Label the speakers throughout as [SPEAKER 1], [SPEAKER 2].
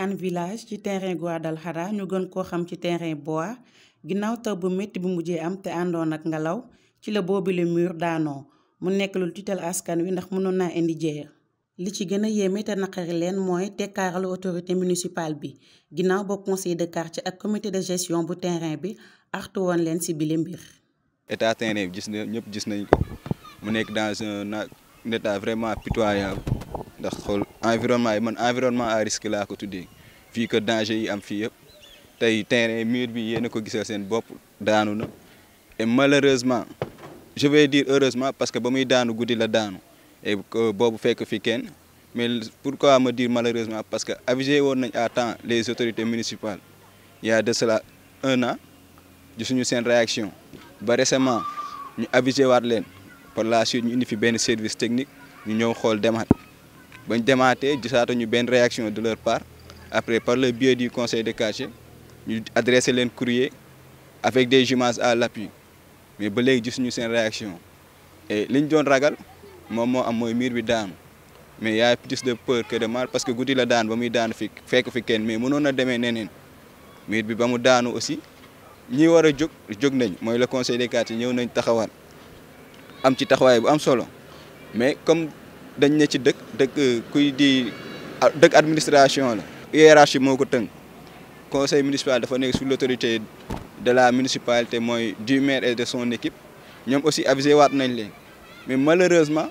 [SPEAKER 1] Hann Village ci terrain Guadalajara ñu gën koo xam ci terrain bois ginnaaw taw bu métti bu mujjee am te àndoon ak ngelaw ci la boobu le mur daanoo mu nekk lu tiital askan wi ndax mënoon naa indi jeer li ci gën a yéeme te naqari leen mooy tekkaaralu autorité municipale bi ginnaaw ba conseil de quartier ak comité de gestion bu terrain bi artu woon leen ci bile mbir.
[SPEAKER 2] état terrain gis na ñëpp gis nañ ko mu nekk dans un état vraiment pitoyable. ndax xool environnement yi man environnement à risque laa ko tuddee fii que danger yi am fii yëpp tey terrain mur bi yéen a ko gisal seen bopp daanu na et malheureusement je vais dire heureusement parce que ba muy daanu guddi la daanu et boobu fekk fi kenn mais pour pourquoi ma diir malheureusement parce que avisé woon nañ à temps les autorités municipales il y a de cela un an gisuñu seen réaction ba récemment ñu avisé waat leen par la suite ñu indi fi benn service technique ñu ñëw xool demaat bañ demaatee gisaata ñu benn réaction de leur part après par le biais du conseil de quartier ñu adressé leen courrier avec des images à l'appui mais ba léegi ñu seen réaction e li ñu doon ragal moom moo am mooy miir bi daanu mais y a plus de peur que de mal parce que guddi la daan ba muy daanu fi fekk fi kenn mais mënoon na demee neneen miir bi ba mu daanu aussi ñi war a jóg jóg nañ mooy le conseil des quartiers ñëw nañ taxawal am ci taxawaay bu am solo mais comme dañ ne ci dëkk dëkk kuy di dëkk administration la hiérarchie moo ko tënk conseil municipal dafa nekk sous l'autorité de la municipalité mooy du maire et de son équipe ñoom aussi avisé waat nañ leen mais malheureusement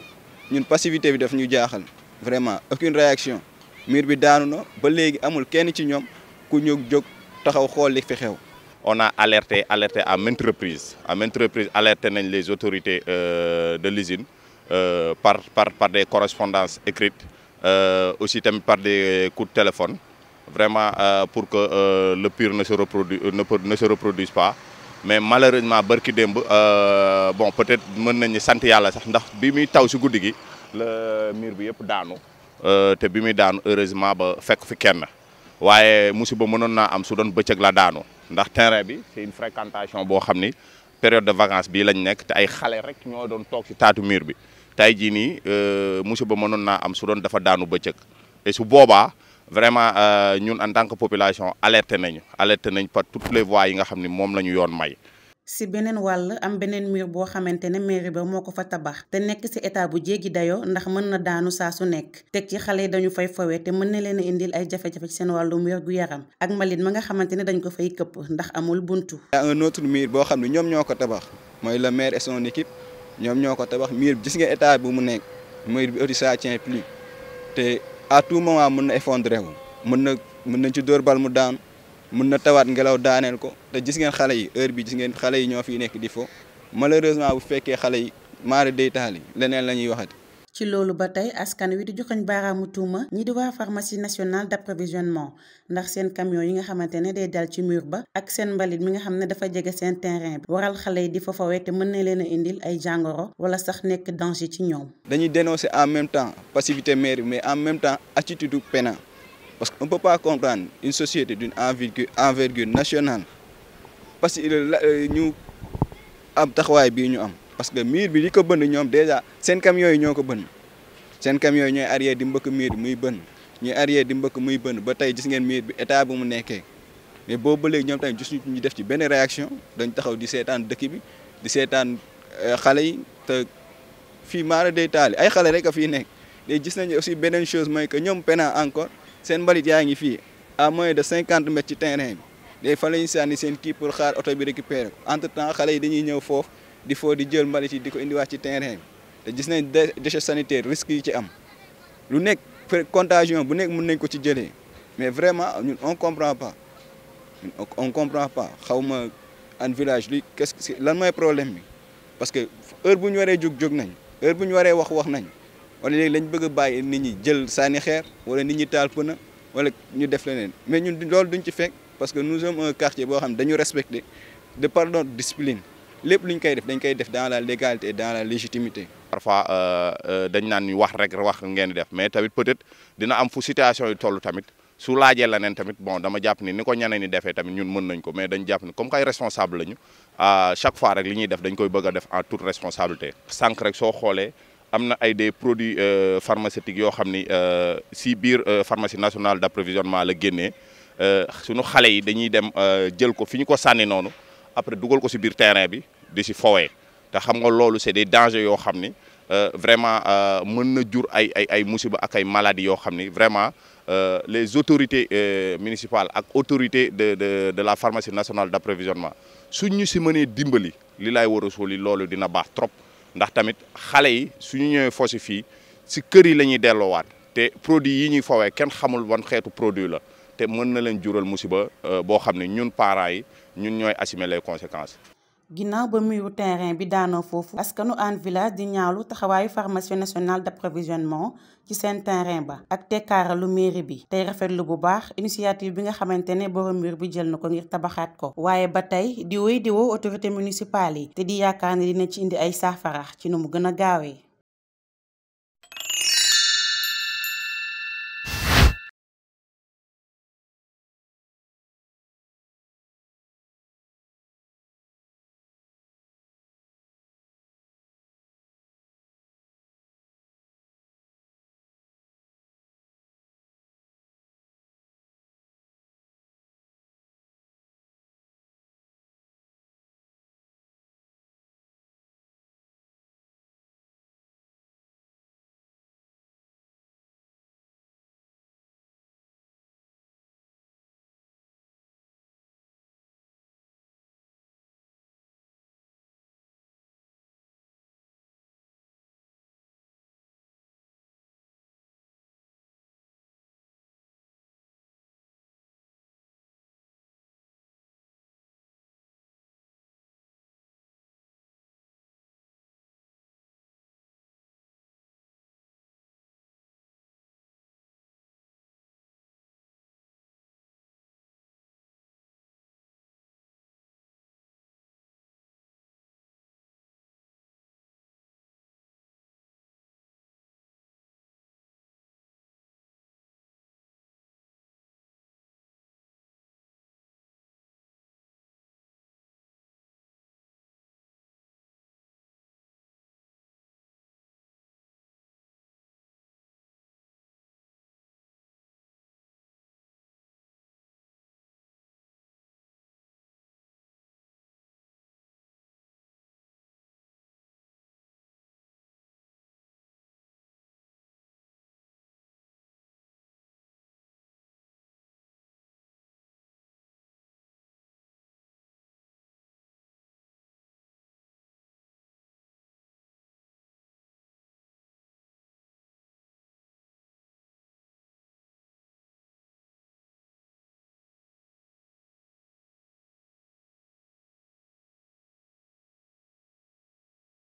[SPEAKER 2] ñun passivité bi daf ñu jaaxal vraiment aucune réaction mur bi daanu na ba léegi amul kenn ci ñoom ku ñu jóg taxaw xool li fi xew
[SPEAKER 3] on a alerté alerté à maintes à maintes reprises alerté nañ les autorités euh, de l'usine Euh, par par par des correspondances écrites euh, aussi tamit par de coups de téléphone vraiment euh, pour que le pire na se reproduise ne se reproduise pas mais malheureusement barki démb bon peut-être mën nañu sant yàlla sax ndax bi muy taw si guddi gi la miir bi yëpp daanu te bi muy daanu heureusement ba fekk fi kenn waaye ba mënoon naa am su doon bëccëg la daanu ndax terrain bi c'est une fréquentation boo xam ni période de vacances bii lañ nekk te ay xale rek ñoo doon toog si taatu miir bi tey jii nii euh, ba mënoon naa am su doon dafa daanu bëccëg et su boobaa vraiment euh, ñun en tant que population alerté nañu alerté nañ par toutes les voies yi nga xam ni moom la ñu yoon may.
[SPEAKER 1] si beneen wàll am beneen mur boo xamante ne mairie ba moo ko fa tabax te nekk si état bu jéggi dayoo ndax mën na daanu saa su nekk teg ci xale yi dañu fay fawe te mën na leen indil ay jafe-jafe ci seen wàllu wér gu yaram ak malit ma nga xamante ne dañ ko fay këpp ndax amul buntu.
[SPEAKER 2] y a un boo xam ne ñoom ñoo ko tabax mooy le maire et son équipe. ñoom ñoo ko tabax miir bi gis nga état bu mu nekk miir bi aussi ça plus te à tout moment mën na effondré wu mën na mën nañ ci dóor bal mu daanu mën na tawaat ngelaw daaneel ko te gis ngeen xale yi heure bi gis ngeen xale yi ñoo fiy nekk di fo malheureusement bu fekkee xale yi maari day taal yi leneen la ñuy waxati
[SPEAKER 1] ci loolu ba tey askan wi di joxoñ baaraamu tuuma ñi di waa pharmacie nationale d'approvisionnement ndax seen camion yi nga xamante ne day dal ci mur ba ak seen mbalit mi nga xam ne dafa jege seen terrain bi waral xale yi di fa fawee te mën na leen a indil ay jàngoro wala sax nekk danger ci ñoom.
[SPEAKER 2] dañuy dénoncer en même temps passivité mairie mais en même temps attitude pénale parce qu'on ne peut pas comprendre une société d'une envergure envergure nationale parce que euh, ñu am taxawaay bii ñu am. parce que miir bi li ko bënn ñoom déjà seen camions yi ñoo ko bënn seen camions yi ñooy arrière di mbëkk miir muy bënn ñuy arrière di mbëkk muy bënn ba tey gis ngeen miir bi état bu mu nekkee mais boobu ba léegi ñoom tamit gis ñu def ci benn réaction dañ taxaw di seetaan dëkk bi di seetaan euh, xale yi te fii maara day taali ay xale rek a fii nekk léegi gis nañu aussi beneen chose mooy que ñoom penaa encore seen mbalit yaa ngi fii à moins de cinquante mètres ci terrain bi fa la ñu sànni seen kii pour xaar oto bi récupérer ko entre xale yi dañuy ñëw foofu di foo di jël mbalit di ko indiwaat ci terrain bi te gis nañ de déchets sanitaire risques yi ci am lu nekk contagion bu nekk mun nañ ko ci jëlee mais vraiment ñun on comprend pas on comprend pas xawma ma an village li qu'est-ce lan mooy problème bi parce que heure bu ñu waree jóg jóg nañ heure bu ñu waree wax wax nañ wala léegi lañ bëgg a bàyyi nit ñi jël sànni xeer wala ni ñi taal pëna wala ñu def leneen mais ñun lool duñ ci fekk parce que nous sommes un boo xam dañu respecté de par notre discipline lépp lu ñu koy def dañ koy def dans la légalité et dans la légitimité. parfois euh, euh, dañ naan ñu wax
[SPEAKER 3] rek wax ngeen di def mais tamit peut-être dina am fu situation yi toll tamit su laajee la neen tamit bon dama jàpp ni ni ko ñeneen ñi defee tamit ñun mën nañ ko mais dañ jàpp ni comme kay responsable lañu chaque fois rek li ñuy def dañ koy bëgg a def en toute responsabilité. sànq rek soo xoolee. am na ay des produit euh, pharmaceutiques yoo xam ni si biir pharmacie nationale d'approvisionnement la génnee sunu xale yi dañuy dem jël ko fi ñu ko sànni noonu après dugal ko si biir terrain bi di si fowee te xam nga loolu c'est des dangers yoo xam ni euh, vraiment euh, mën na jur ay ay ay musiba ak ay maladies yoo xam ni vraiment euh, les autorités municipales ak autorités de de de la pharmacie nationale d'approvisionnement suñ ñu si mënee dimbali li laay war a suuli loolu dina baax trop ndax tamit xale yi suñu ñëwee si fii si kër yi la ñuy delloowaat te produit yi ñuy fawee kenn xamul wan xeetu produit la te mën na leen jural musiba boo xam ñun ñooy assumer les conséquences.
[SPEAKER 1] ginnaaw ba muyu terrain bi daanoo foofu. askanu Hann Village di ñaawlu taxawaayu pharmacie nationale d'approvisionnement ci seen terrain ba. ak tekkaaralu mairie bi. tey rafetlu bu baax initiative bi nga xamante ne borom mbir bi jël na ko ngir tabaxaat ko. waaye ba tey di wéy di autorité municipale yi. te di yaakaar ne dina ci indi ay saafara ci nu mu gën a gaawee.